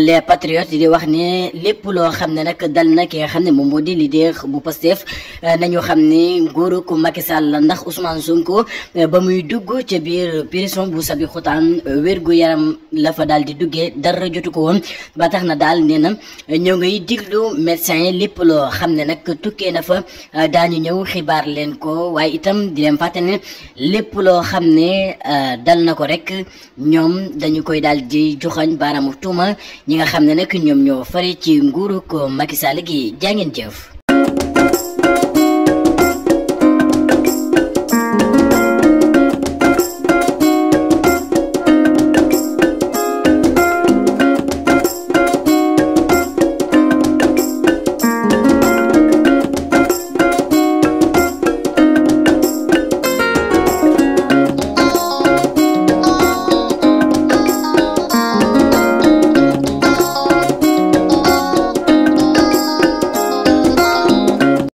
les patriotes di wax ne lépp loo xam ne nag dal na ki nga xam ne moom moo di leader bu Pastef euh, nañu xam ne nguuru ku Macky Sall la ndax Ousmane Sonko euh, ba muy dugg ca biir prison bu sabi xutaan euh, wér-gu-yaram la fa daal di duggee dara jotu ko woon ba tax na daal nee na ñoo ngay diglu médecin yi lépp loo xam ne nag tukkee na fa daañu ñëw xibaar leen ko waaye itam di leen fàtte ne lépp loo xam ne dal na ko rek ñoom dañu koy daal di joxañ baaraamu tuuma ñi nga xam ne nag ñoom ñoo fare ci nguuruk Macky Sall gi jaa ngeen